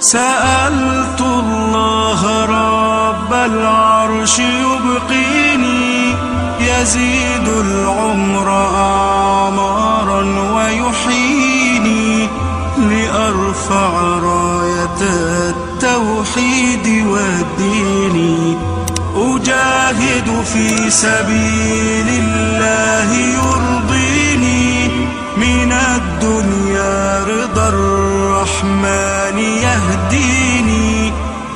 سألت الله رب العرش يبقيني يزيد العمر أعمارا ويحييني لأرفع راية التوحيد والدين أجاهد في سبيل الله يرضيني من الدنيا رضا الرحمن يهديني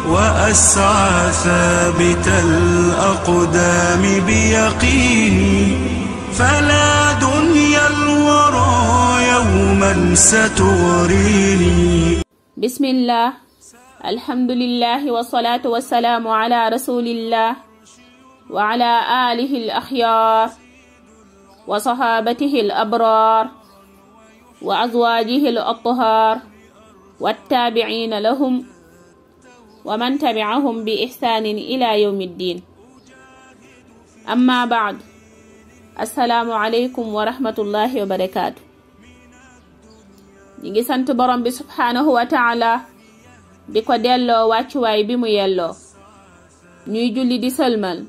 وأسعى ثابت الأقدام بيقيني فلا دنيا الورى يوما ستغريني بسم الله الحمد لله والصلاة والسلام على رسول الله وعلى آله الأخيار وصحابته الأبرار وأزواجه الأطهار wattaabiciina lahum wa man tabicahum bi ixsaanin ila yowmi ddiin amma baad asalaamu aleykum wa rahmatullahi wa barakaatu ñi ngi sant borom bi subhaanahu wa taala di ko delloo wàccuwaay bi mu yelloo ñuy julli di sëlmal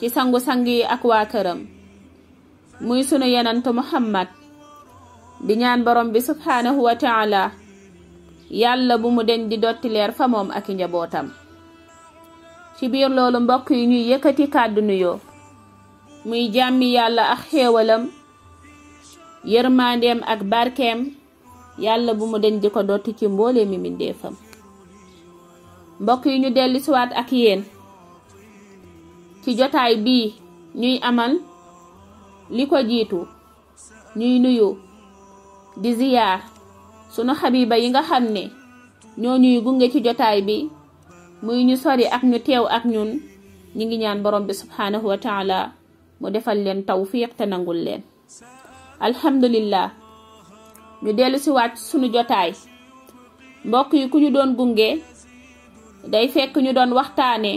ci sangu-sang yi ak waa këram muy sunu yenant muhammad di ñaan borom bi subhaanahu wa taala yàlla bu mu deñ di dotti famoom ak i njabootam ci biir loolu mbokk yi ñuy yëkkati kàddunu yoo muy jàmmi yàlla ak xéewalam yërmandeem ak barkeem yàlla bu mu deñ di ko dotti ci mboole mi mindeefam mbokk yi ñu dellu siwaat ak yéen ci jotaay bii ñuy amal li ko jiitu ñuy nuyu di ziyaar sunu xabiba yi nga xam ne ñoo ñuy gunge ci jotaay bi muy ñu sori ak ñu teew ak ñun ñi ngi ñaan borom bi subhaanahu wa mu defal leen tawfiq te nangul leen alhamdulillah ñu dellu si wàcc sunu jotaay mbokk yi ku ñu doon gunge day fekk ñu doon waxtaane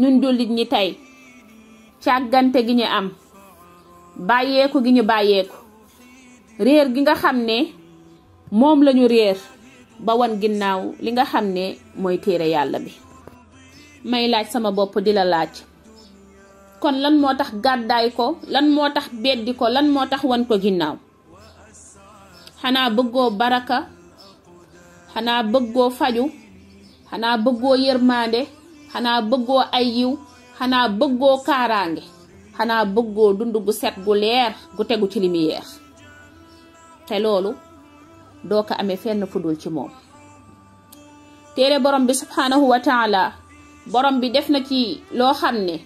ñun jullit ñi tey càggante gi ñu am bàyyeeku gi ñu bàyyeeku réer gi nga xam ne moom lañu réer ba wan ginnaaw li nga xam ne mooy téere yàlla bi may laaj sama bopp di la laaj kon lan moo tax gàddaay ko lan moo tax beddi ko lan moo tax wan ko ginnaaw xanaa bëggoo baraka xanaa bëggoo faju xanaa bëggoo yërmaande xanaa bëggoo ay yiw xanaa bëggoo kaaraange xanaa bëggoo dund gu set gu leer gu tegu ci lumière te loolu doo ko amee fenn fudul ci moom téere borom bi subhaanahu wa boroom bi def na ci loo xam ne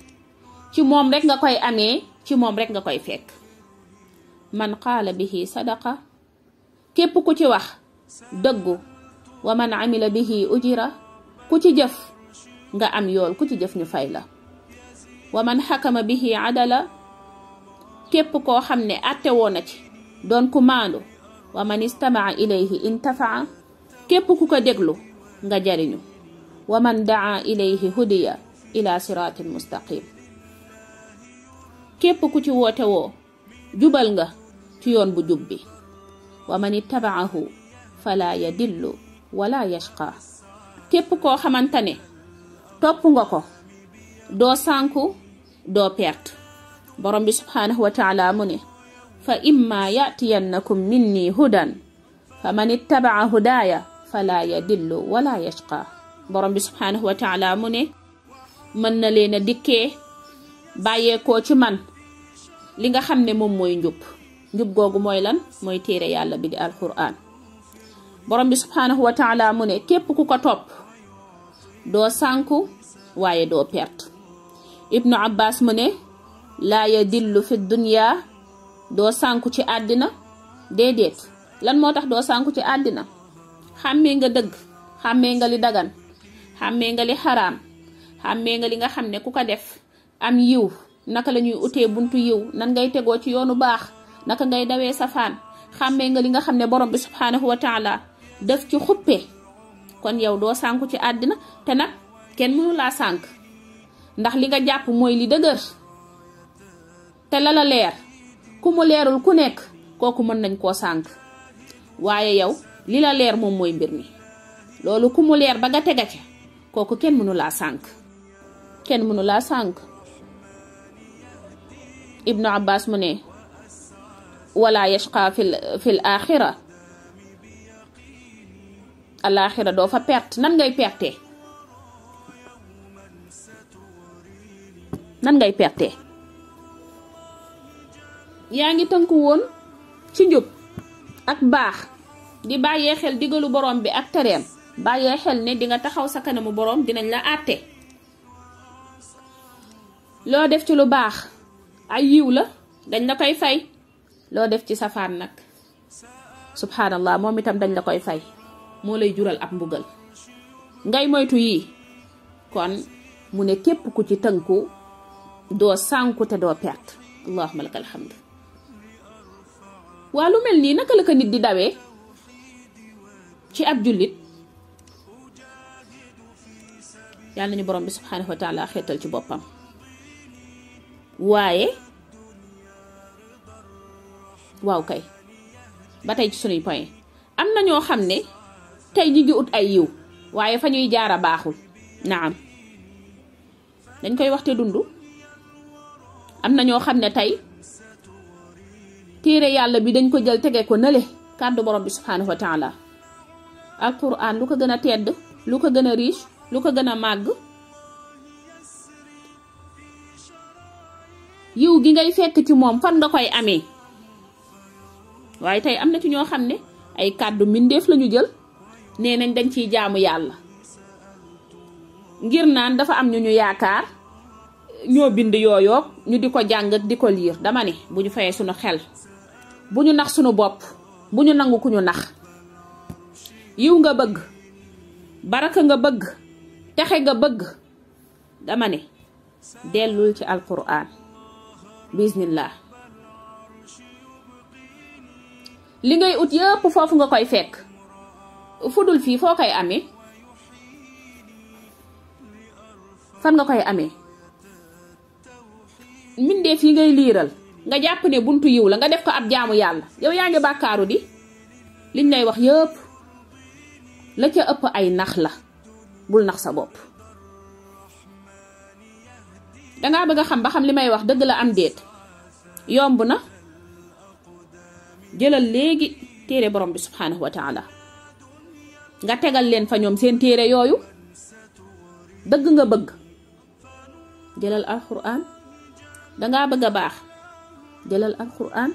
ci moom rek nga koy amee ci moom rek nga koy fekk man qaala bihi sadaqa képp ku ci wax dëggu wa man amila bihi ujira ku ci jëf nga am yool ku ci jëf ñu fay la wa man xakama bihi adala képp koo xam ne àtte woon na ci doon ku maandu wa man istamaa ilayhi intafaa képp ku ko déglu nga jariñu wa man daa ilayhi hudiya ila siraatin mustaqim képp ku ci woote woo jubal nga ci yoon bu jub bi wa man ittabaahu fala yadillu wala yashqa képp koo xamante ne topp nga ko doo sànku doo perte borom bi subhaanahu wa taala mu ne fa imma yatiyannakum minni hudan fa man ittabaa hudaaya fala yadillu wala yashqa borom bi subhaanahu wa taala mu ne mën na leen a bàyyeekoo ci man li nga xam ne moom mooy njub njub googu mooy lan mooy téere yàlla bi di alquran borom bi subhaanahu wa taala mu képp ku ko topp doo sànku waaye doo perte ibnu abbas mu ne laa fi dunya doo sànku ci àddina déedéet lan moo tax doo sànku ci àddina xàmmee nga dëgg xàmmee nga li dagan xàmmee nga li xaraam xàmmee nga li nga xam ne ku ko def am yiw naka la ñuy utee buntu yiw nan ngay tegoo ci yoonu baax naka ngay dawee safaan xàmmee nga li nga xam ne borom bi subhaanahu wa taala def ci xuppe kon yow doo sànku ci àddina te nag kenn mënu laa sànk ndax li nga jàpp mooy li dëgër te la leer ku mu leerul ku nekk kooku mën nañ koo sànk waaye yow li la leer moom mooy mbir mi loolu ku mu leer ba nga tega ci kooku kenn mënu laa sànk kenn mënu laa sànk ibnu abbas mu ne wala yashqa fil fil alaaxira doo fa perte nan ngay perte nan ngay perte yaa ngi tënku woon ci njub ak baax di bàyyee xel digalu borom bi ak tereem bàyyee xel ne di nga taxaw sa kanamu boroom dinañ la àtte loo def ci lu baax ay yiw la dañ la koy fay loo def ci safaan nag subhanallah moom itam dañ la koy fay moo lay jural ab mbugal ngay moytu yi kon mu ne képp ku ci tënku doo sànku te doo perte allahumma lakal hamd waa lu mel nii naka la ko nit di dawee ci ab jullit yàlla nañu borom bi subhaanahu wa xeetal ci boppam waaye waaw kay ba tey ci sunuy point am na ñoo xam ne tey ñi ngi ut ay yiw waaye fa ñuy jaara baaxul naam dañ koy waxte dund am na ñoo xam ne tey téere yàlla bi dañ ko jël tege ko nële kàddu borom bi subhaanahu wa taala alquran lu ko gën a tedd lu ko gën a riche lu ko gën a màgg yiw gi ngay fekk ci moom fan nga koy amee waaye tey am na ci ñoo xam ne ay kàddu mbindeef la ñu jël nee nañ dañ ciy jaamu yàlla ngir naan dafa am ñu ñu yaakaar ñoo bind yooyoog ñu di ko jàng di ko liir dama ne bu ñu fayee suñu xel bu ñu nax sunu bopp bu ñu nangu ku ñu nax yiw nga bëgg baraka nga bëgg texe nga bëgg dama ne dellul ci alquran bismillah li ngay ut yëpp foofu nga koy fekk fudul fii foo koy amee fan nga koy amee mbindeef yi ngay liiral nga jàpp ne buntu yiw la nga def ko ab jaamu yàlla yow yaa ngi bàkkaaru di liñ lay wax yëpp la ca ëpp ay nax la bul nax sa bopp danga bëgg a xam ba xam li may wax dëgg la am déet yomb na jëlal léegi téere borom bi subhanahu wa nga tegal leen fa ñoom seen téere yooyu dëgg nga bëgg jëlal alquran dangaa bëgg a baax jëlal alxuraan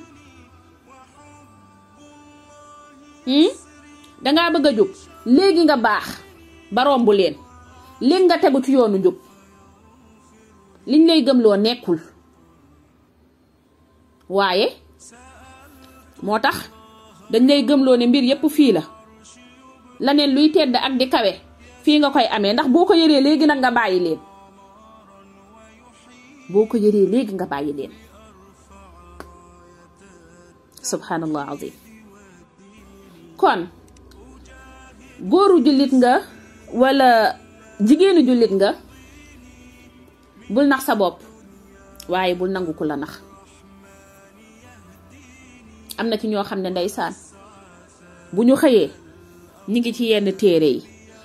hmm? dangaa bëgg a jóg léegi nga baax ba romb leen léegi nga tegu ci yoonu njub liñ lay gëmloo nekkul waaye moo tax dañ lay gëmloo ni mbir yépp fii la laneen luy tedd ak di kawe fii nga koy amee ndax boo ko yëree léegi nag nga bàyyi leen boo ko yëree léegi nga bàyyi leen subhanallah azim kon góoru jullit nga walla jigéenu jullit nga bul nax sa bopp waaye bul nangu ku la nax am na ci ñoo xam ne ndeysaan bu ñu xëyee ñu ngi ci yenn téere yi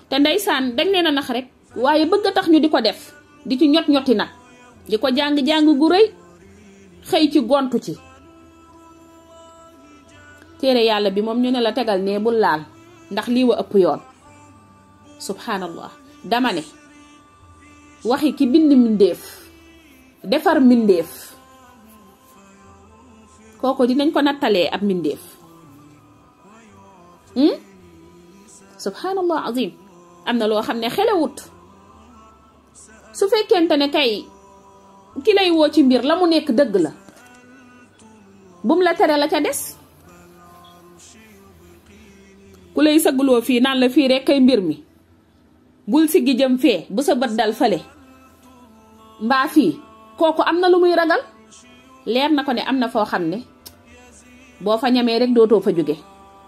te ndeysaan dañ leen a nax rek waaye bëgg a tax ñu di ko def di ci ñot ñoti nag di ko jàng jàng gu rëy xëy ci gontu ci téere yàlla bi moom ñu ne la tegal nee bul laal ndax lii wa ëpp yoon subhanallah dama ne waxi ki bind mbindéef defar mbindéef kooku dinañ ko nattalee ab mbindéef hmm? subhanallah azim am na loo xam ne xelewut su fekkente ne kay ki woo ci mbir la mu nekk dëgg la bum la tere la ca des ku lay sagguloo fii naan la fii rek kay mbir mi bul siggi jëm fee bu sa bët dal fale mbaa fii kooku am na lu muy ragal leer na ko ne am na foo xam ne boo fa ñamee rek dootoo fa jóge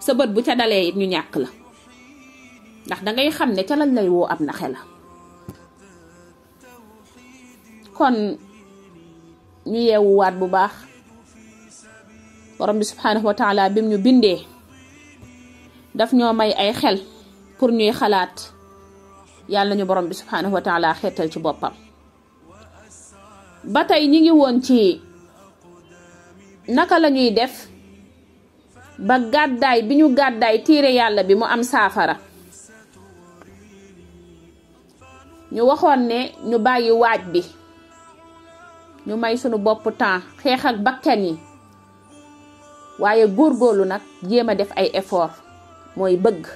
sa bët bu ca dalee ñu ñàkk la ndax dangay xam ne ca lañ lay woo ab naxe la kon ñu yeewuwaat bu baax borom bi subhanahu wa bim ñu bindee daf ñoo may ay xel pour ñuy xalaat yàlla ñu borom bi subhaanahu xeetal ci boppam ba tey ñi ngi woon ci naka la ñuy def ba gàddaay bi ñu gàddaay tiire yàlla bi mu am saafara ñu waxoon ne ñu bàyyi waaj bi ñu may sunu bopp temps xeexal ak yi waaye góorgóorlu nag jéem a def ay effort mooy bëgg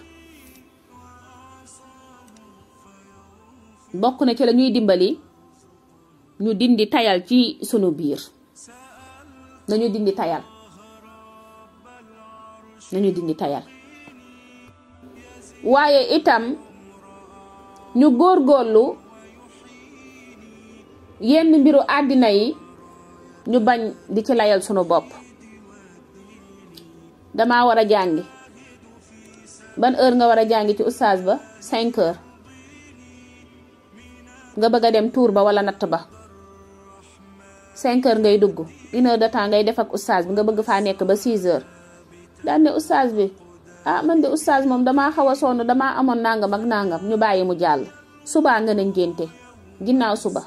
bokk na ci la ñuy dimbali ñu dindi tayal ci sunu biir nañu dindi tayal nañu dindi tayal waaye itam ñu góorgóorlu yenn mbiru àddina yi ñu bañ di ci layal sunu bopp dama war a jàngi ban heure nga war a jàngi ci oustaz ba 5 nga bëgg a dem tuur ba walla natt ba 5 heures ngay dugg une heure de temps ngay def ak oustaz bi nga bëgg faa nekk ba 6 heures daan ne oustaz bi ah man de oustaz moom damaa xaw a sonn damaa amoon nangam ak nangam ñu bàyyi mu jàll subaa nga ne ngénte ginnaaw suba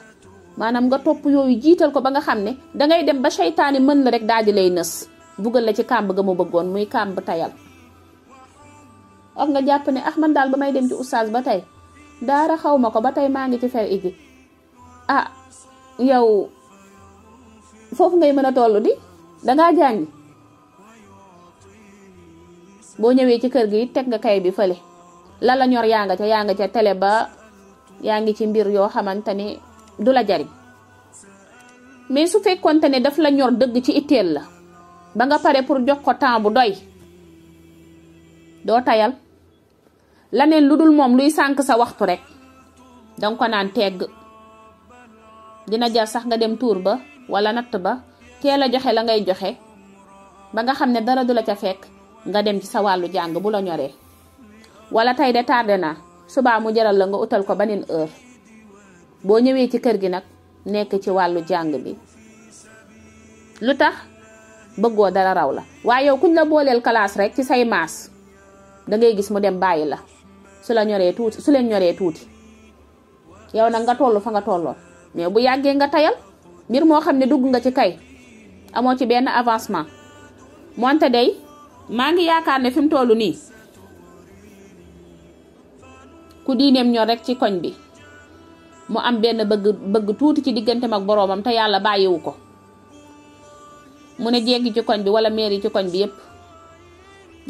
maanaam nga topp yooyu jiital ko ba nga xam ne dangay dem ba seytaane mën la rek daal di lay nës bugal la ci kàmb ga mu bëggoon muy kàmb tayal. ak nga jàpp ne ah man daal ba may dem ci oustaz ba tey daara xaw ma ko ba tey maa ngi ci fer igi ah yow foofu ngay mën a toll di dangaa jàngi boo ñëwee ci kër gi teg nga kay bi fële la la ñor yaa nga ca yaa nga ca télé ba yaa ngi ci mbir yoo xamante ni du la jariñ mais su fekkonte ne daf la ñor dëgg ci iteel la ba nga pare pour jox ko temps bu doy doo tayal laneen lu dul moom luy sànq sa waxtu rek danga ko naan tegg dina jar sax nga dem tuur ba wala natt ba teel a joxe la ngay joxe ba nga xam ne dara du la ca fekk nga dem ci sa wàllu jàng bu la ñoree wala tey de tàrde naa subaa mu jaral la nga utal ko beneen heure boo ñëwee ci kër gi nag nekk ci wàllu jàng bi lu tax bëggoo dara raw la waaye yow kuñ la booleel kalaas rek ci say maas da ngay gis mu dem bàyyi la su la ñoree tuuti su leen ñoree tuuti yow nag nga toll fa nga tolloon mais bu yàggee nga tayal mbir moo xam ne dugg nga ci kay amoo ci benn avancement moonte day maa ngi yaakaar ne fi mu toll nii ku diineem ñor rek ci koñ bi mu am benn bëgg bëgg tuuti ci digganteem ak boroomam te yàlla bàyyiwu ko mu ne jéggi ci koñ bi walla meer ci koñ bi yépp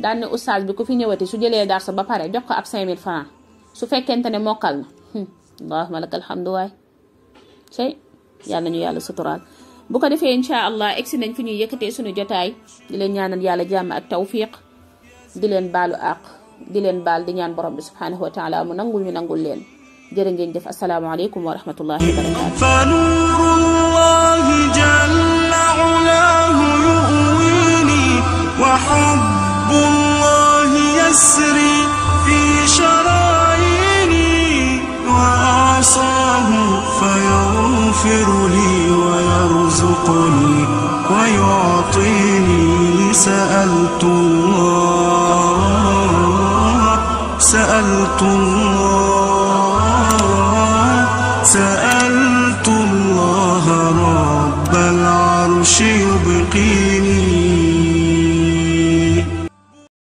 daan ne oustaz bi ku fi ñëwati su jëlee darsa ba pare jox ko ab 5000 francs su fekkente ne mokkal na hmm. allahumma lakal hamdu waay cey yàlla nañu yàlla suturaal bu ko defee incha allah egsi nañ fi ñuy yëkkatee suñu jotaay di leen ñaanal yàlla jàmm ak tawfiq di leen baalu àq di leen baal di ñaan borom bi subhanahu wa taala mu nangul ñu nangul leen jërë ngeen jëf asalaamaaleykum wa rahmatullahi wa barakatu fa nurullahi jalla ulahu yuwini wa حب الله يسري في شراييني وأعصاه فيغفر لي ويرزقني ويعطيني سألت الله سألت الله